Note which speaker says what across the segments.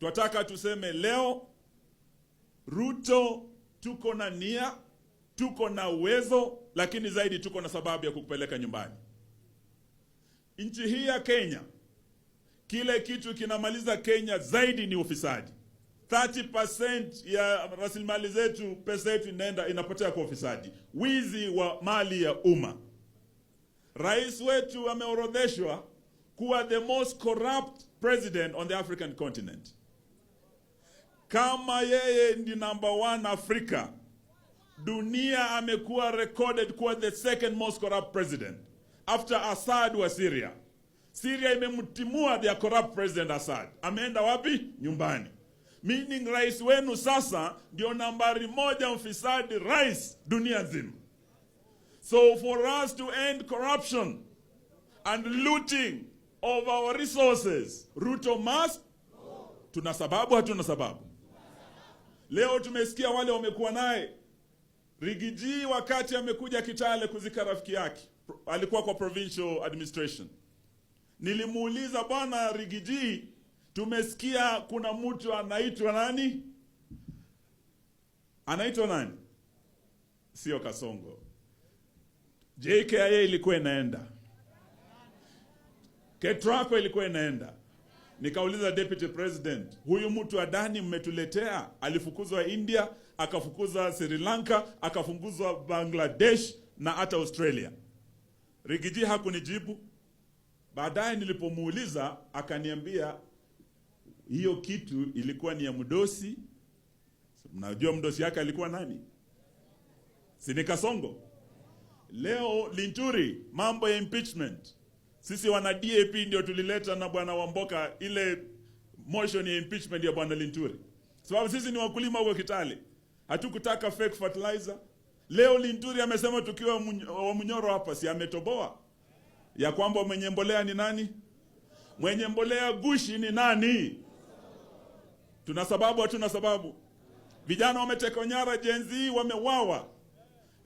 Speaker 1: Twataka tuseme leo, Ruto, tuko na nia, tuko na uwezo, lakini zaidi tuko na sababu ya kukupeleka nyumbani. Nchi hii ya Kenya, kile kitu kinamaliza Kenya zaidi ni ufisadi. 30% ya rasilimali zetu, pesa yetu inaenda inapotea kwa ufisadi, wizi wa mali ya umma. Rais wetu ameorodheshwa kuwa the most corrupt president on the African continent kama yeye ndi number one Afrika, dunia amekuwa recorded kuwa the second most corrupt president after Assad wa Syria. Syria imemtimua the corrupt president Assad, ameenda wapi? Nyumbani. Meaning rais wenu sasa ndio nambari moja mfisadi rais dunia nzima. So for us to end corruption and looting of our resources, Ruto must. Tuna sababu, hatuna sababu? Leo tumesikia wale wamekuwa naye Rigiji, wakati amekuja Kitale kuzika rafiki yake, alikuwa kwa provincial administration. Nilimuuliza, bwana Rigiji, tumesikia kuna mtu anaitwa nani, anaitwa nani, sio Kasongo, JKIA ilikuwa inaenda, KETRACO ilikuwa inaenda Nikauliza deputy president, huyu mtu adani mmetuletea alifukuzwa India, akafukuza Sri Lanka, akafunguzwa Bangladesh na hata Australia. Rigiji hakunijibu. Baadaye nilipomuuliza akaniambia hiyo kitu ilikuwa ni ya mdosi. Mnajua mdosi yake alikuwa nani? Si ni Kasongo. Leo Linturi, mambo ya impeachment sisi wana DAP ndio tulileta na bwana Wamboka ile motion ya impeachment ya bwana Linturi, sababu sisi ni wakulima huko Kitale, hatukutaka fake fertilizer. Leo Linturi amesema tukiwa wa Munyoro hapa, si ametoboa ya kwamba mwenye mbolea ni nani, mwenye mbolea gushi ni nani? Tuna sababu, hatuna sababu? Vijana wameteka nyara, jenzi wamewawa.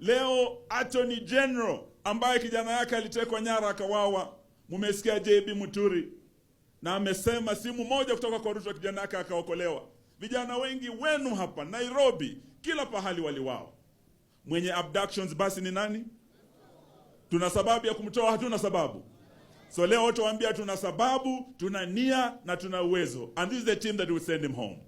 Speaker 1: Leo Attorney General ambaye kijana yake alitekwa nyara akawawa Mumesikia JB Muturi na amesema simu moja kutoka kwa Ruto, kijana yake akaokolewa. Vijana wengi wenu hapa Nairobi, kila pahali waliwao. Mwenye abductions basi ni nani? Tuna sababu ya kumtoa? Hatuna sababu. So leo watu waambia tuna sababu, tuna nia na tuna uwezo, and this is the team that will send him home.